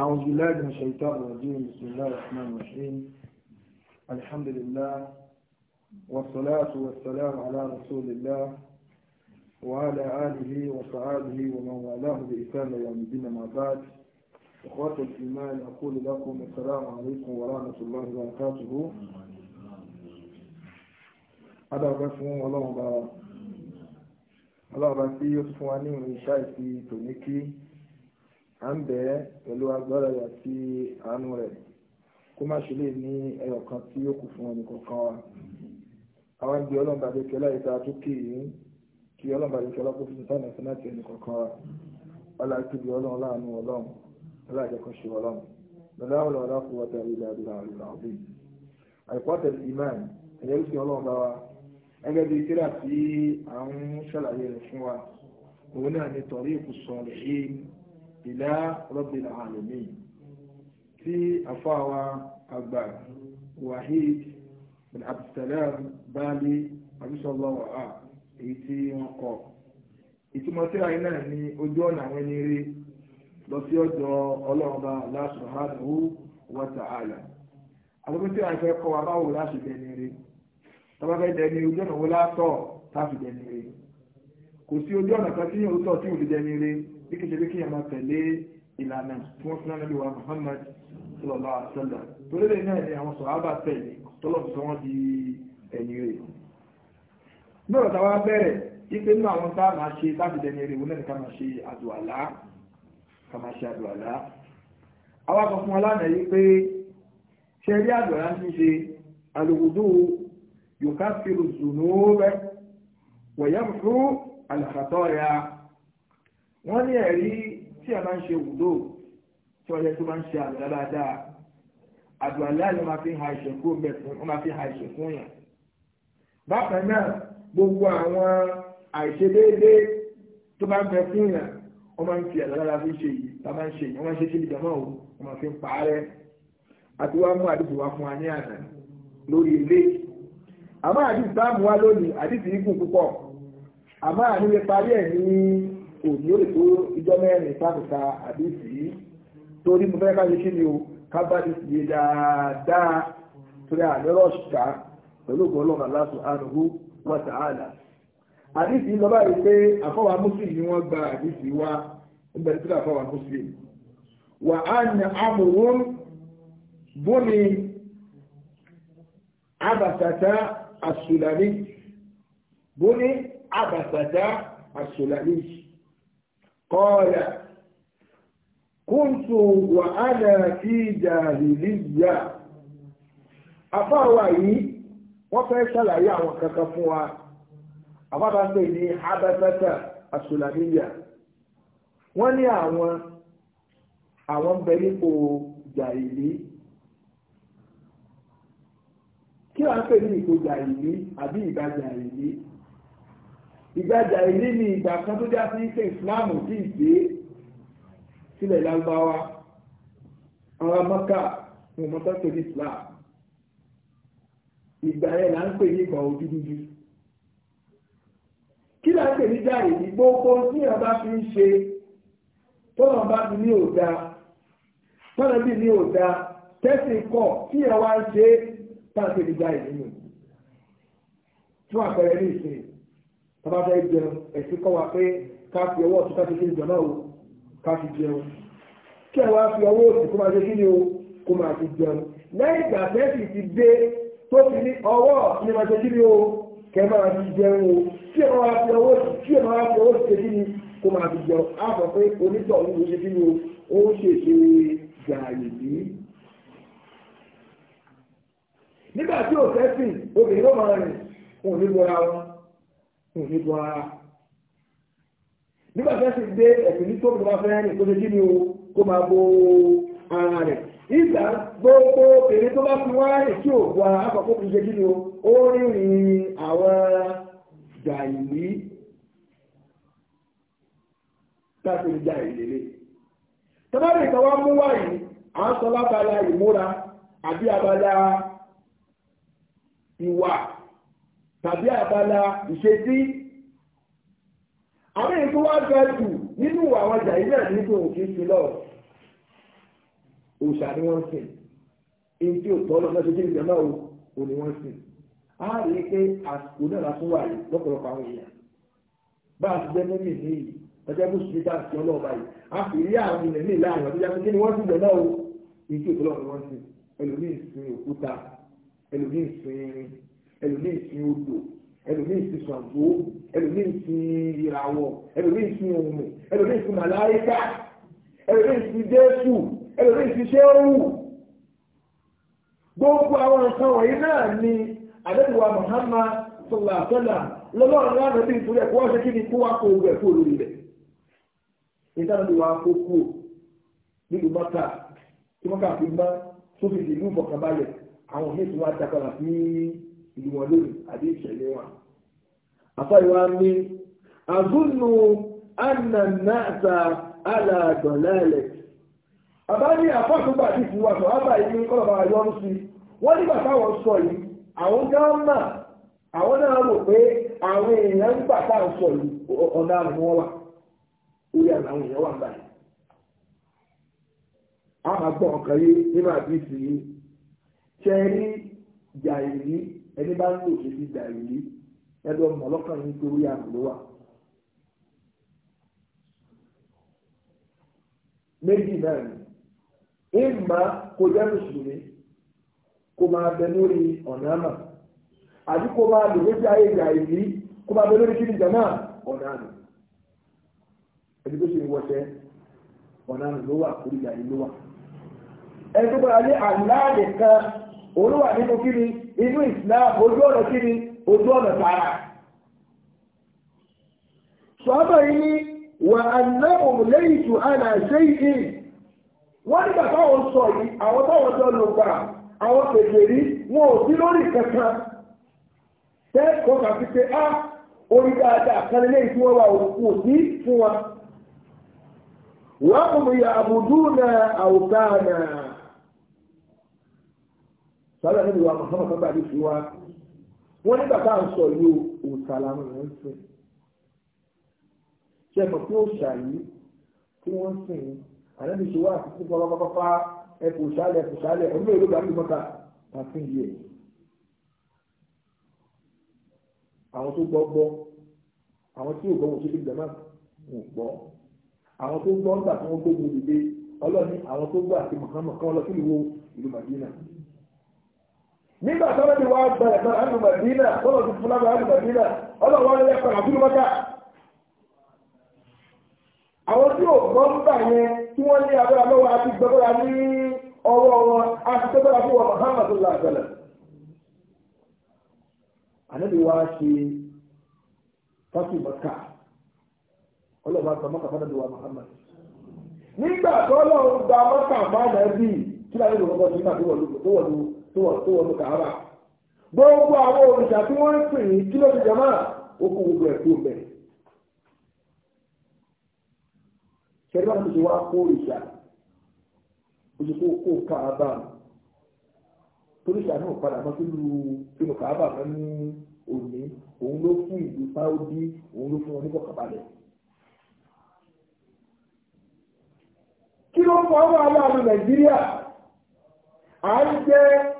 أعوذ بالله من الشيطان الرجيم بسم الله الرحمن الرحيم الحمد لله والصلاة والسلام على رسول الله وعلى آله وصحابه ومن والاه بإسلام يوم الدين ما بعد إخوة الإيمان أقول لكم السلام عليكم ورحمة الله وبركاته هذا غفو الله الله بسيط فواني من شايفي تونيكي à ń bẹ̀ ẹ́ pẹ̀lú agbára rẹ̀ àti àánú rẹ̀ kó má ṣe lè ní ẹyọ kan tí ó kù fún ẹnì kọ̀ọ̀kan wa. àwọn ibi ọlọ́mọba àdékẹ́lá ìta tó kì í kí ọlọ́mọba àdékẹ́lá kó fún sáà nàìjíríà ti ẹnì kọ̀ọ̀kan wa. ọlá ìtòbi ọlọ́run láàánú ọlọ́run ọlá ìjẹkọ̀ṣe ọlọ́run lọ́dọ̀ àwọn ọ̀dọ́ kò wọ́tà ilẹ̀ àdúrà àdúrà ọ̀dún. àìkọ́tẹ̀ ìmáàmì ẹ̀yẹ́ ló fi ọlọ́run bá wa gẹ́gẹ́ bí kíra tí à ń ṣàlàyé rẹ̀ fún wa òun náà ni tọ̀rí ìkùsọ̀rẹ̀ yìí ìlà rabbil alamin tí àfáwà àgbà wahid bin abdulsalam bali abisalawa a èyí tí wọ́n kọ ìtumọ̀ tí àyín náà ní ojú ọ̀nà àwọn lọ sí ta'ala àlọ́pẹ́ tí àyín fẹ́ kọ́ wa báwo láti dẹni tọ́ba fẹ́ dẹni ojú ọ̀nà kò sí ojú ọ̀nà kan tí yóò tọ̀ tí fi bí kìí ṣe bí kíyàn máa tẹ̀lé ìlànà tí wọ́n fún ànábì wa Muhammad sallallahu alaihi wasallam torí lè náà ni àwọn sọ̀hábà tẹ̀lé tọ́lọ̀ sọ wọ́n di ẹ̀yìn rẹ̀ náà táwa bẹ̀rẹ̀ ipe nínú àwọn tá a máa ṣe láti dẹni rẹ̀ wọnà ká máa ṣe àdùàlá ká máa ṣe àdùàlá àwa kan fún aláàmì yìí pé ṣe rí àdùàlá ń ṣe alùwùdó yòókà fìrù zùnú rẹ̀ wọ̀yẹ́ fún àlàkàtọ́ rẹ̀ wọ́n ní ẹ̀rí tí a máa ń ṣe wùdó tí wọ́n yẹ tó máa ń ṣe àlùdá dáadáa àdùn àlẹ́ ló máa fi ha ìṣẹ̀ kó bẹ̀ fún wọ́n máa fi ha ìṣẹ̀ fún yàn. bákan náà gbogbo àwọn àìṣedéédé tó bá ń bẹ fún yàn wọ́n máa ń fi àlùdá dáadáa fi ṣe yìí tá a máa ń ṣe yìí wọ́n ṣe síbi jàmọ́ o wọ́n máa fi ń parẹ́ àti mú àdìsí wá fún wa ní àná lórí ilé àmọ́ àdìsí táàmù wa lónìí àdìsí ikú púpọ̀ àmọ́ àníwẹ̀ parí ẹ̀ ní òní ó lè tó ìjọ mẹ́rin sáàkùsà àdéhùn yìí torí mo fẹ́ ká ṣe kí ni o ká bá ti ṣe dáadáa torí àlọ́rọ̀ ṣùgbà pẹ̀lú ògbọ́n lọ́nà láti àrùn wa ta'ala. àdéhùn lọ́ba pé àfọwà ni gba wa nígbà tí àfọwà mùsùlùmí. wà á ní amòhún àṣùlàní قال كنت a في جاهلية afáàwà yìí wọ́n fẹ́ ṣàlàyé àwọn kankan fún wa àbábá pè ní abẹ́fẹ́fẹ́ àṣùlàníyà wọ́n ní àwọn àwọn ń bẹ nípò ìgbàjà ilé ni ìgbà kan tó já sí ṣe ìsìláàmù sí ìgbé sílẹ̀ lágbáwá àwọn amọ́ká ní ọmọdé tó ní islam ìgbà yẹn là ń pè ní ìgbà ojú dúdú kí là ń pè ní jáì gbogbo tí wọn bá fi ń ṣe tọ́nà bá fi ní òda tọ́nà bí ní òda tẹ́sí kọ̀ tí ẹ wá ń ṣe tá à ń pè ní fún àpẹẹrẹ ní ìsìn tọ́ba fẹ́ jẹun ẹ̀sìn kọ́ wa pé ká fi ọwọ́ ọ̀tún ká fi kí ni o ká fi jẹun kí ẹ wá fi ọwọ́ òsì kó máa ṣe kí ni o kó máa fi jẹun lẹ́yìn ìgbà tẹ́sì ti dé tó fi ní ọwọ́ ni máa ṣe kí ni o kẹ máa fi jẹun o kí ẹ máa fi ọwọ́ òsì kí ẹ máa fi ọwọ́ òsì ṣe kí ni kó máa fi jẹun á sọ pé onítọ̀ ọ̀hún ló ṣe kí ni o ó ṣèṣe gààyè bíi nígbà tí ò obìnrin ló máa rìn kò ní bọ́ ara. nígbà tí wọ́n ti gbé ẹ̀sìn ní tóbi wá fẹ́ rìn kó ṣe kí o kó máa bo ara rẹ̀. ìgbà gbogbo èrè tó bá fi wá rìn tí ò bọ́ ara àkọ́kọ́ fi ṣe kí o ó rìnrìn àwọn jàìlì táàkiri jàìlì lè. tọ́lá nìkan wá mú wáyìí à ń sọ lábala ìmúra àbí abala ìwà tàbí àbálá ìṣesí àwọn èyí tó wá ga jù nínú àwọn jàìlẹ̀ nígbà òkè sí lọ òòṣà ni wọ́n sìn èyí tí ò tọ́ lọ mẹ́sẹ̀ tí ìjọba ò ní wọ́n sìn á rí i pé àsìkò náà la tún wà yìí lọ́pọ̀lọpọ̀ àwọn èèyàn bá a ti jẹ́ mẹ́mì ní yìí ọjọ́ bó ṣe dá sí ọlọ́ọ̀bá yìí a sì rí àwọn ilẹ̀ ní ìlànà tó yàtọ̀ kí ni wọ́n sì jọ náà o èyí tí ò tọ́ lọ ni ẹlòmíì sí odò ẹlòmíì sí Ṣàngó ẹlòmíì sí ìràwọ̀ ẹlòmíì sí òmù ẹlòmíì sí màláíkà ẹlòmíì sí Jésù ẹlòmíì sí ṣéwù gbogbo àwọn nǹkan wọ̀nyí náà ni àdẹ́gbẹ̀wà Muhammad sọ̀lá sọ́lá lọ́lọ́run lánàá bí ìtúrẹ́ kó wá ṣe kí ni kó wá kó rẹ̀ kó lórí rẹ̀ ìtànàdùwà kó kú nílùú mọ́ta tí wọ́n kà fi mọ́ sófin ìlú ìfọ̀kànbalẹ̀ àwọn míì tí wọ́n á takọ̀là sí ìwọ̀n lónìí àbí ìṣẹ̀lẹ̀ wa. àfọ̀yìnwá mi àgúnnu ànànàta aládọ̀lẹ́lẹ̀. bàbá ní àfọ̀túgbà tí fi wà sọ̀rọ̀ bá yìí kọ́ bàbá yọ ọ́n sí wọ́n nígbà táwọn sọ yìí àwọn gáàmà àwọn náà rò pé àwọn èèyàn ń gbà táwọn sọ yìí ọ̀nà àrùn wọn wà orí àtàwọn èèyàn wà báyìí a máa gbọ́ ọ̀kan yé nínú àbísí yìí ṣe rí jàìrí ẹni bá ń lò ṣe ti gbà ìlú ẹgbẹ́ ọmọ ọlọ́kàn yìí pé orí àrùn méjì náà ni ìmọ̀ kó jẹ́ mùsùlùmí kó máa bẹ lórí ọ̀nà àmà àti kó máa lò lójú ayé ìgbà ìlú kó máa bẹ lórí kí ni jọ̀mọ́ ọ̀nà àmì ẹni tó ṣe ń wọṣẹ́ ọ̀nà àmì ló wà ìlú ẹni tó gbọ́dọ̀ àlá nìkan nínú inú islam ojú ọ̀nà kí ni ojú ọ̀nà tààrà. sọ́ọ́bà yìí ni wà á ná òmùlẹ́yìn tù á nà ṣe ìdí. wọ́n nígbà táwọn sọ yìí àwọn táwọn jọ lò gbà àwọn kèfèrí wọn ò sí lórí kankan. bẹ́ẹ̀ kọ́ kà fi á ah, orí dáadáa kan wà òkú fún wa. ya àbùdú náà àwùká náà. sọ́dọ̀ níbi wa mọ̀sánmọ̀ tó gbàdí sí wa wọ́n nígbà tá à ń sọ yìí òòṣà làwọn èèyàn ń sìn ṣe mọ̀ pé òòṣà yìí tí wọ́n ń sìn ànábi ṣe wá àti sípò pápápápá ẹ̀fọ́ òṣàlẹ̀ ẹ̀fọ́ òṣàlẹ̀ ọdún èlò gbàdí mọ́ta thirteen years àwọn tó gbọ́ gbọ́ àwọn tí ò gbọ́ wọn ṣe fi gbẹ̀mọ́ wọn gbọ́ àwọn tó gbọ́ ń gbà tí wọ́n gbógun dìde ọlọ́ni àwọn tó gbà àti mọ̀kánmọ̀kán ọlọ́ nígbà sábà ti wá gba ẹ̀sán àánú màdínà lọ́nà tó fúnra àánú màdínà ọlọ́run wá lẹ́yìn padà fún àwọn tí ò gbọ́ ń bà yẹn tí wọ́n ní abẹ́rẹ́ lọ́wọ́ àti gbẹ́bẹ́rẹ́ ní ọwọ́ wọn àti gbẹ́bẹ́rẹ́ fún wọn Muhammadu wá ṣe fásitì fún nígbà gba tó wà tó wọnú kàábà gbogbo àwọn òrìṣà tí wọ́n ń pè ní kílò ti jama ó kó gbogbo ẹ̀ kó bẹ̀. kẹlẹ́ ti wá kó òrìṣà kó kó padà ní òní òun ló fún ìlú òun ló fún kí ló ń àwọn nàìjíríà à ń jẹ́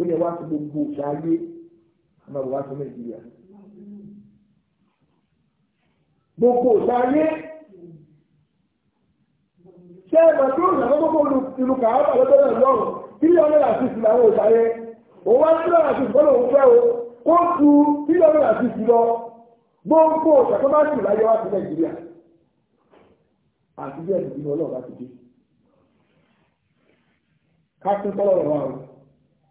ó yẹ wá sí gbogbo òkè ayé ọmọ ìwà sí nàìjíríà gbogbo òkè ayé ṣé ẹ̀mọ̀ tó ń sàkóso gbogbo ìlú kàáfà lọ́jọ́ náà lọ́rùn tílíọ̀ náírà sí ìsìn àwọn òkè ayé òun wá sí náírà sí ìfọ́nà òun fẹ́ o kó tu tílíọ̀ náírà sí ìsìn lọ gbogbo òkè tó bá sì láyé wá sí nàìjíríà àti bí ẹ̀sìn ìdílé ọlọ́run bá ti dé ká tún tọ́lọ́rọ̀ wá o.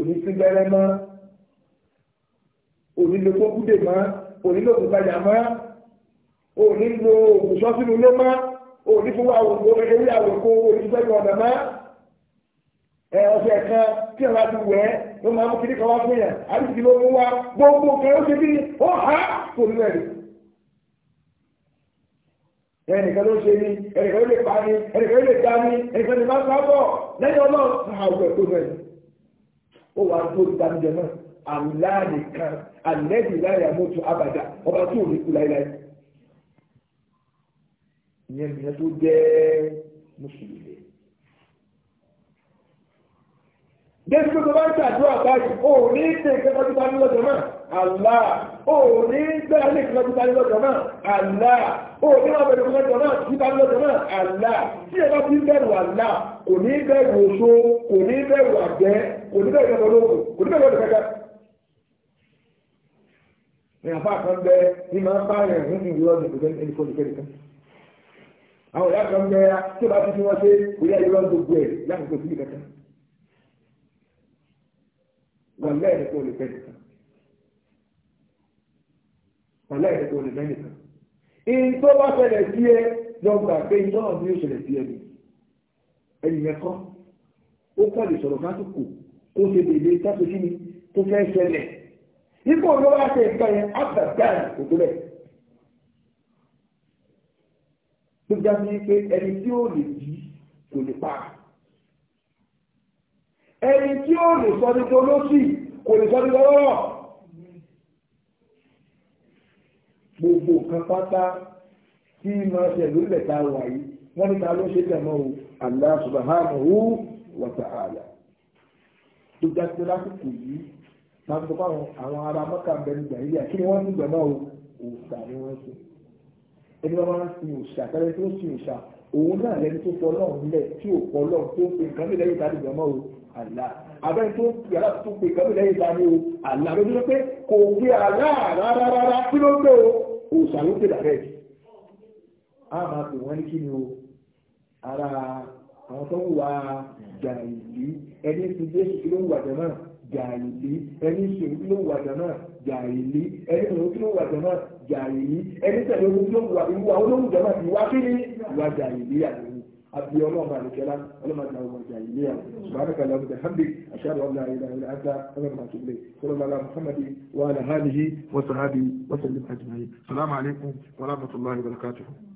òní sí gbẹrẹ mọ́ òní lo kókúdè mọ́ òní lo kùtàjà mọ́ òní lo òògùn sọ́sínú ló mọ́ òní fún àwòkó ewé àwòkó òní sẹ́yìn ọ̀nà mọ́ ẹ ọ̀sẹ̀ kan tí ẹ̀rọ ti wẹ̀ ẹ́ ló máa mú kiri kan wá fún yàn àbíkí ló mú wá gbogbo kan ó ṣe kí ni ó há kò ní ẹ̀rí ẹnìkan ló ṣe ní ẹnìkan ló lè pa ní ẹnìkan ló lè dá ní ẹnìkan ló lè má sábọ̀ lẹ́yìn ọlọ́run àwọn ẹ̀kọ́ náà ó wàá tó ìdánjẹ náà àwùláàdì kan àlẹ́dì láyà mọ́tò àbàdà ọba tó ní kú láíláí. ìyẹn nìyẹn tó jẹ́ mùsùlùmí. Jésù tó bá ń tàdúrà báyìí, òun ní ìpè ìkẹ́kọ̀ọ́ tó bá ń lọ́jọ́ náà, àlá, òun ní gbẹ́lẹ̀ ẹ̀kọ́ ti parí lọ́jọ́ náà àlá ó ní wọ́n bẹ̀rẹ̀ fún lọ́jọ́ náà ti parí lọ́jọ́ náà àlá tí ẹ bá ti ń bẹ̀rù àlá kò ní bẹ̀rù oṣó kò ní bẹ̀rù àgbẹ̀ kò ní bẹ̀rù ẹ̀kọ́ lóògùn kò ní bẹ̀rù ẹ̀kọ́ kẹ́kẹ́. ní àfa kan bẹ ní máa ń pààyàn ní ìlú ọdún kò ní kò ní láì tó lè mẹ́rin kan. in tó bá ṣẹlẹ̀ sí ẹ lọ́gbà pé iná ní ó ṣẹlẹ̀ sí ẹnu ẹnìyẹn kọ́ ó kọ́ lè sọ̀rọ̀ lásìkò kó ṣe lèlé sáṣọ sí ni tó fẹ́ ṣẹlẹ̀ ipò ló wá ṣe nǹkan yẹn àgbàgbàn kò tó bẹ̀. tó já sí pé ẹni tí ó lè jí kò lè pa ẹni tí ó lè sọ ní tó lọ́sì kò lè sọ ní lọ́wọ́ gbogbo nǹkan pátá tí máa ṣe lórílẹ̀ tá a wà yìí wọ́n ní ta ló ṣe tẹ̀mọ́ o Allah subhanahu wa ta'ala. tó jáde lásìkò yìí táwọn sọ fáwọn àwọn ará mọ́kà ń bẹ nígbà yìí àti ni wọ́n nígbà náà o òòṣà ni wọ́n sọ. ẹni wọn máa ń sin òòṣà tẹ́lẹ̀ tó sin òòṣà òun náà lẹni tó fọ náà nílẹ̀ tí ò fọ náà tó pe nǹkan mi lẹ́yìn tàbí ìgbà o Allah abẹ́ni tó yàrá tó pe nǹkan mi lẹ́yìn tàbí o Allah lójú pé kò gbé Allah rárá rárá kí ló dé o òòṣà ló pè dàrẹ́ẹ̀tì a máa pè wọ́n ní kí ni o ara àwọn tó ń wà jàìlì ẹni tí jésù kí ló ń wà jàmọ́ jàìlì ẹni sòrò kí ló ń wà jàmọ́ jàìlì ẹni sòrò kí ló ń wà jàmọ́ jàìlì ẹni tẹ̀lé ogun kí ló ń wà ìwà olóhùn jàmọ́ ìwà kí ni ìwà jàìlì àti أبي الله ما الكلام ولا ما تناو ما جاي سبحانك اللهم وبحمدك أشهد أن لا إله إلا أنت أمر ما تبلي صلى الله على محمد وعلى آله وصحبه وسلم أجمعين السلام عليكم ورحمة الله وبركاته